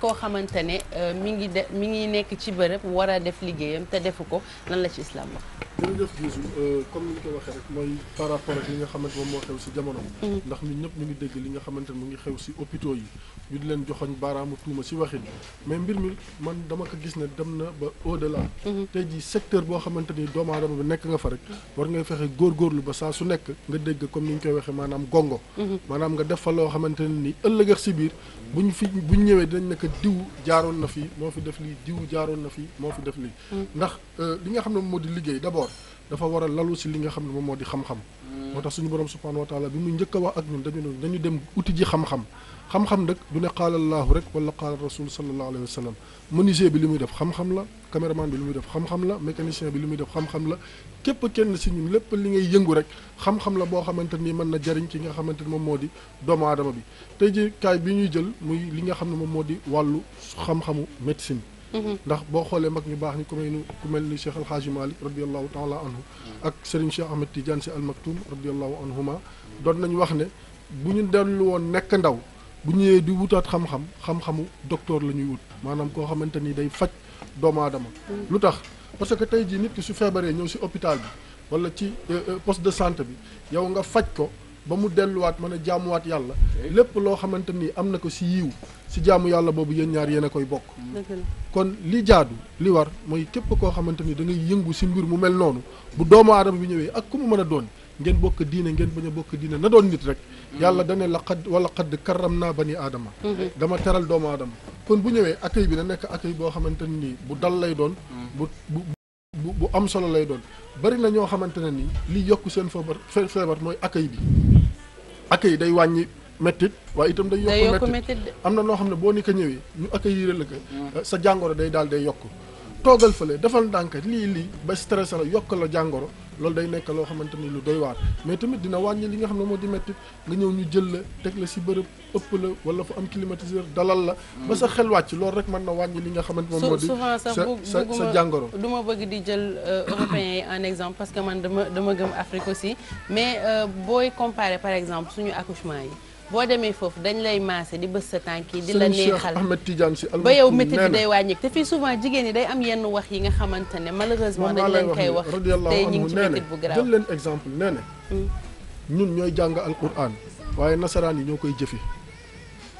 koo xamante ne euh, mi ngi de mi ngi nekk ci bërëb war a def liggéeyam te defu ko lan la ci islam wax jërëjëf Youssou euh, comme ni ñu koy waxee rek mooy par rapport li nga xamante moom moo xew si jamono. ndax ñun ñëpp ñu ngi dégg li nga xamante mu ngi xew si hôpitaux yi ñu di leen joxoñ baaraamu tuuma si waxin mais mbir mi man dama ko gis ne dem na ba au delà. Mhm. tey jii secteur boo xamante ni doomu aadama bi nekk nga fa rek war ngay fexe góorgóorlu ba saa su nekk nga dégg comme ni ñu koy waxee maanaam gongo. Mhm. maanaam nga def fa loo xamante ne ni ëllëg si bu ñu fi buñ ñëwee dinañ nekk diw jaaroon na fii moo fi def lii diw jaaroon na fii moo fi def lii mhm. ndax euh, li xam ne moo di liggéey d'abord dafa war a lalu si li nga xam ne moom moo di xam-xam moo tax suñu borom subhanahu wa taala bi mu njëkk a wax ak ñun dañu ne dañu dem uti ji xam-xam xam-xam nag du ne qaala allaahu rek wala qaala rasul sallallahu alayhi wa sallam menuisier bi li muy def xam-xam la caméraman bi li muy def xam-xam la mécanicien bi li muy def xam-xam la képp kenn si ñun lépp li ngay yëngu rek xam-xam la boo xamante ni mën na jariñ ki nga xamante ni moom moo di doomu aadama bi tey ji kaay bi ñuy jël muy li nga xam ne moom moo di wàllu xam-xamu médecine ndax boo xoolee mag ñu baax ñi ku mel ni ku mel ni Cheikh Al Hadji Malick radiallahu taala anhu ak Serigne Cheikh Ahmed Tidiane Sy Al Maktoum radiallahu anhuma doon nañu wax ne bu ñu dellu woon nekk ndaw bu ñëwee di wutaat xam-xam xam-xamu docteur la ñuy wut maanaam koo xamante ni day faj doomu aadama mm. lu tax parce que tey jii nit ki su feebaree ñëw si hôpital bi wala ci euh, euh, poste de santé bi yow nga faj ko ba mu delluwaat mën a jaamuwaat yàlla lépp loo xamante ni am na ko si yiw si jaamu yàlla boobu yéen ñaar yéen a koy bokk kon li jaadu li war mooy képp koo xamante ni da ngay yëngu si mbir mu mel noonu bu doomu aadama bi ñëwee ak ku mu mën a doon ngeen bokk diine ngeen bañ a bokk diine na doon nit rek yàlla dane la xad wala xadd karam naa bani aadama mhm. dama teral doomu aadama kon bu ñëwee accueil bi na nekk accueil boo xamante ni bu dal lay doon mhm. bu bu bu am solo lay doon bari na ñoo xamante ne ni li yokk seen feebar feebar mooy accueil bi accueil day wàññi méttit waaye itam day yokk méttit am na noo xam ne boo ni ko ñëwee ñu accueillir la ko mm. eh, sa jàngoro day daal day yokk toogal fële defal ndànk lii lii ba stress la yokk la jàngoro loolu day nekk loo xamante ni lu doy waar mais tamit dina wàññi li nga xam ne moo di méttit nga ñëw ñu jël la teg la si bërëb ëpp la wala fu am climatiseur dalal la mm. ba sa xel wàcc loolu rek mën na wàññi li nga xamante moom moo di souvent sax sa sa jàngoro du bëgg di jël euh, européens en exemple parce que man dama dama gëm Afrique aussi mais euh, booy comparer par exemple suñu accouchement yi boo demee foofu dañ lay maase di bës sa tànk yi di la neexal Ahmed Tidiane si ba yow métit bi day wàññi te fii souvent jigéen ñi day am yenn wax yi nga xamante ne malheureusement dañ leen koy wax tey ñu ngi ci métit bu garaaw jël leen exemple nee na hmm. ñun ñooy jàng alquran waaye nasaraan yi ñoo koy jëfe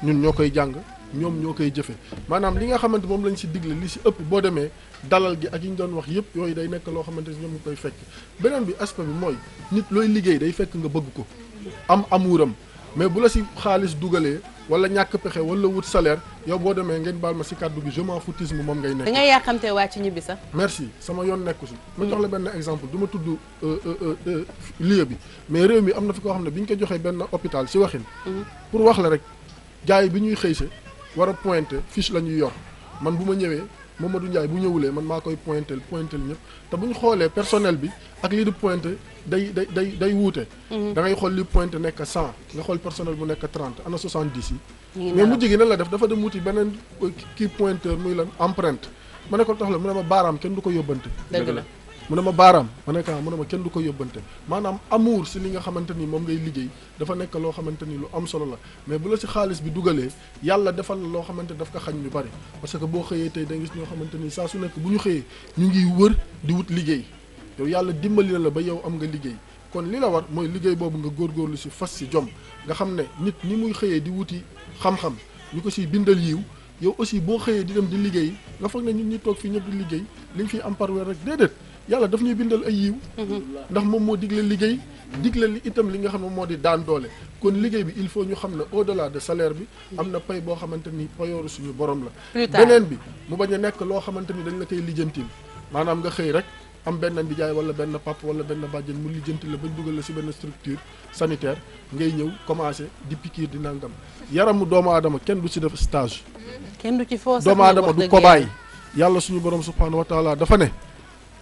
ñun ñoo koy jàng ñoom ñoo koy jëfe maanaam li nga xamante moom lañ si digle li si ëpp boo demee dalal gi ak yu ñu doon wax yëpp yooyu day nekk loo xamante ni ñoom ñu koy fekk beneen bi aspect bi mooy nit looy liggéey day fekk nga bëgg ko am amuram mais bu la si xaalis dugalee wala ñàkk pexe wala wut salaire yow boo demee ngeen baal ma si kàddu gi je m'en foutisme moom ngay nekk. da ngay waa wàcc ñibbi sax. merci sama yoon nekku si. ma jox la mm. benn exemple du ma tudd euh, euh, euh, lieu bi mais réew mi am na fi ko xam ne bi ñu ko joxee benn hôpital si waxin. Mm. pour wax la rek jaay bi ñuy xëy se wara pointe pointé fiche la ñuy yor man bu ma ñëwee. Mamadou Ndiaye bu ñëwulee man maa koy pointel pointel ñëpp te bu xoolee personnel bi ak lii di pointe day day day day wuute. Mhm. xool li pointe nekk cent nga xool personnel bu nekk trente ana soixante dix yi. mais mujj gi nan la def dafa dem wuti beneen kii pointeur muy lan empreinte ma ne ko tax la mu ne ma baaraam kenn du ko yóbbante. dëgg la. mu ne ma baaraam ma ne ko mu ma kenn du ko yóbbante maanaam amour si li nga xamante ni moom ngay liggéey dafa nekk loo xamante ni lu am solo la mais bu la si xaalis bi dugalee yàlla defal la loo xamante daf ko xañ ñu bari parce que boo xëyee tey da nga ñoo xamante ni saa su nekk bu ñu xëyee ñu ngi wër di wut liggéey yàlla dimbali la ba yow am nga liggéey kon li la war mooy liggéey boobu nga góorgóorlu si fas si jom nga xam ne nit ñi muy xëyee di wuti xam-xam ñu ko siy bindal yiw yow aussi boo xëyee di dem di liggéey nga foog ne ñun ñi toog fii ñëpp liggéey li ñu fiy am par weer rek déedéet yàlla dafa ñuy bindal ay yiw mhm. ndax moom moo digle liggéey digle li itam li nga xam ne moo di daan doole kon liggéey bi il faut ñu xam ne au delà de salaire bi am na pay boo xamante ni payooru suñu borom la beneen bi mu bañ a nekk loo xamante ni dañ la koy lijjantil maanaam nga xëy rek am benn ndijaay wala benn pap wala benn bàjjen mu lijjanti la bañ dugal la ci benn structure sanitaire ngay ñëw commencé di pikiir di nangam yaramu doomu aadama kenn du ci def stage kenn du foo doomu aadama du kobaay yàlla suñu borom subhanahu wa taala dafa ne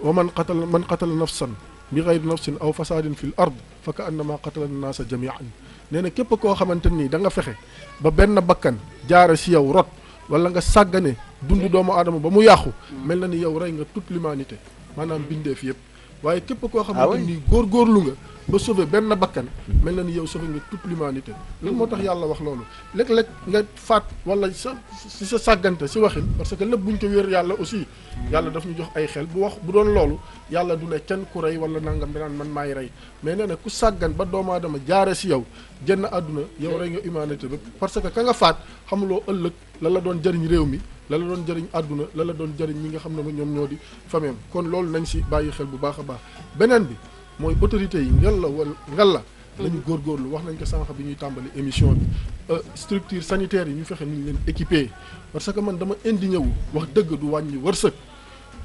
wa man qatala man qatala nafsan bi gayri nafsin aw fasaadin fil ard fa ka annama qatala annaasa jamian nee na képp koo xamante nii da fexe ba benn bakkan jaara si yow rot wala nga sàggane dund doomu aadama ba mu yàqu mel na ni yow rey nga toute l'humanité maanaam fi yëpp waaye képp koo xamante ah ni góorgóorlu nga ba sobee benn bakkan mel na ni yow sauver nga toute l'humanité lan moo tax yàlla wax loolu léeg-léeg nga faat wala sa si sa sàggante si waxin parce que lépp bu ñu ko wér yàlla aussi yàlla daf ñu jox ay xel bu wax bu doon loolu yàlla du ne kenn ku rey wala nangam danaan man maay rey mais nee na ku sàggan ba doomu aadama jaare si yow jënn àdduna yow rey nga humanité bi parce que ka nga faat xamuloo ëllëg la la doon jëriñ réew mi la la doon jëriñ àdduna la la doon jëriñ ñi nga xam ne ñoom ñoo di fameem kon loolu nañ si bàyyi xel bu baax baax beneen bi mooy autorités yi ngel la wala ngel la góor mm-hmm. góorgóorlu wax nañ ko sànq bi ñuy tàmbali émission bi euh, structure sanitaire yi ñu fexe ni ñu leen équipé parce que man dama indi wu wax dëgg du wàññi wërsëg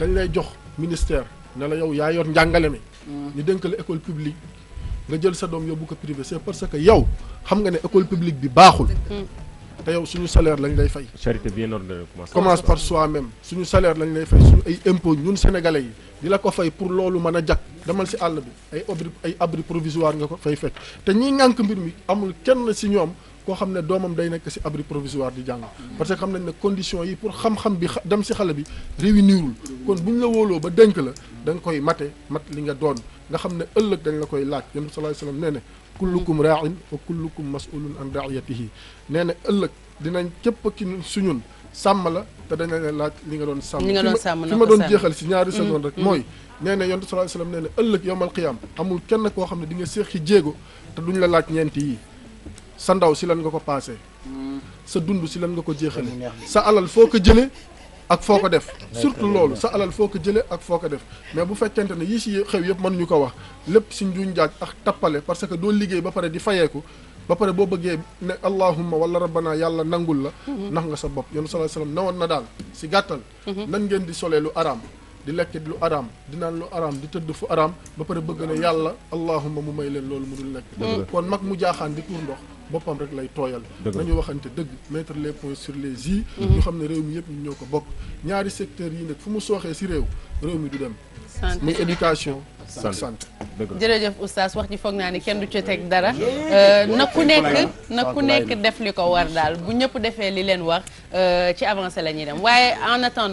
dañ lay jox ministère ne la yow yaa yor njàngale mi mm-hmm. ñu dénk école publique nga jël sa doom yóbbu ko privé c'est parce que yow xam nga ne école publique bi baaxul mm-hmm. te yow suñu salaire lañ lay fay. charité bien ordonnée commence par soi-même suñu salaire lañ lay fay suñu ay impôts ñun sénégalais yi di la ko fay pour loolu mën a jag demal si àll bi ay abri ay abri provisoire nga ko fay fekk te ñiy ŋànk mbir mi amul kenn si ñoom. koo xam ne doomam day nekk ci abri provisoire di jàng parce que xam nañ ne condition yi pour xam-xam bi dem ci xale bi réunirul kon bu ñu la wóoloo ba denk la da koy mate mat li nga doon nga xam ne ëllëg dañ la koy laaj yonent bi sallallahu nee ne kullukum raain wa kullukum masulun an raiyatihi nee na ëllëg dinañ képp ki su ñun sàmm la te dañ la laaj li nga doon sàmm fi ma doon jeexal si ñaari mm. seconde rek mm. mooy nee na yonent sallallahu alayhi wasallam nee na ëllëg yowmal qiyaam amul kenn koo xam ne di nga séexi jéego te duñ la laaj ñeenti yi sa ndaw si lan nga ko paase sa dund si lan nga ko jeexale sa alal foo ko jëlee ak foo ko def surtout loolu sa alal foo ko jëlee ak foo ko def mais bu fekkente ne yii si xew yëpp mën ñu ko wax lépp si njuñ jaaj ak tappale parce que doo liggéey ba pare di fayeeku ba pare boo bëggee ne allahumma wala rabbana yàlla nangul la mhm. nax nga sa bopp yoonu sallallahu alayhi wasallam newoon na daal si gàttal mhm. nan ngeen di solee lu araam di lekk lu araam di naan lu araam di tëdd fu araam ba pare bëgg ne yàlla allahumma mu may leen loolu mu dul lekk kon mag mu jaaxaan di tuur ndox boppam rek lay tooyal nañu waxante dëgg mettre les points sur les i mhm. ñu xam ne réew mi yëpp ñu ko bokk ñaari secteurs yi nag fu mu sooxee si réew réew mi du muy éducation sant jërëjëf oustaz wax ji foog naa ni kenn du ci teg dara euh, nag ku nekk nag ku nekk def li ko war daal bu ñëpp defee li leen war euh, ci avancé la ñuy dem waaye en attendant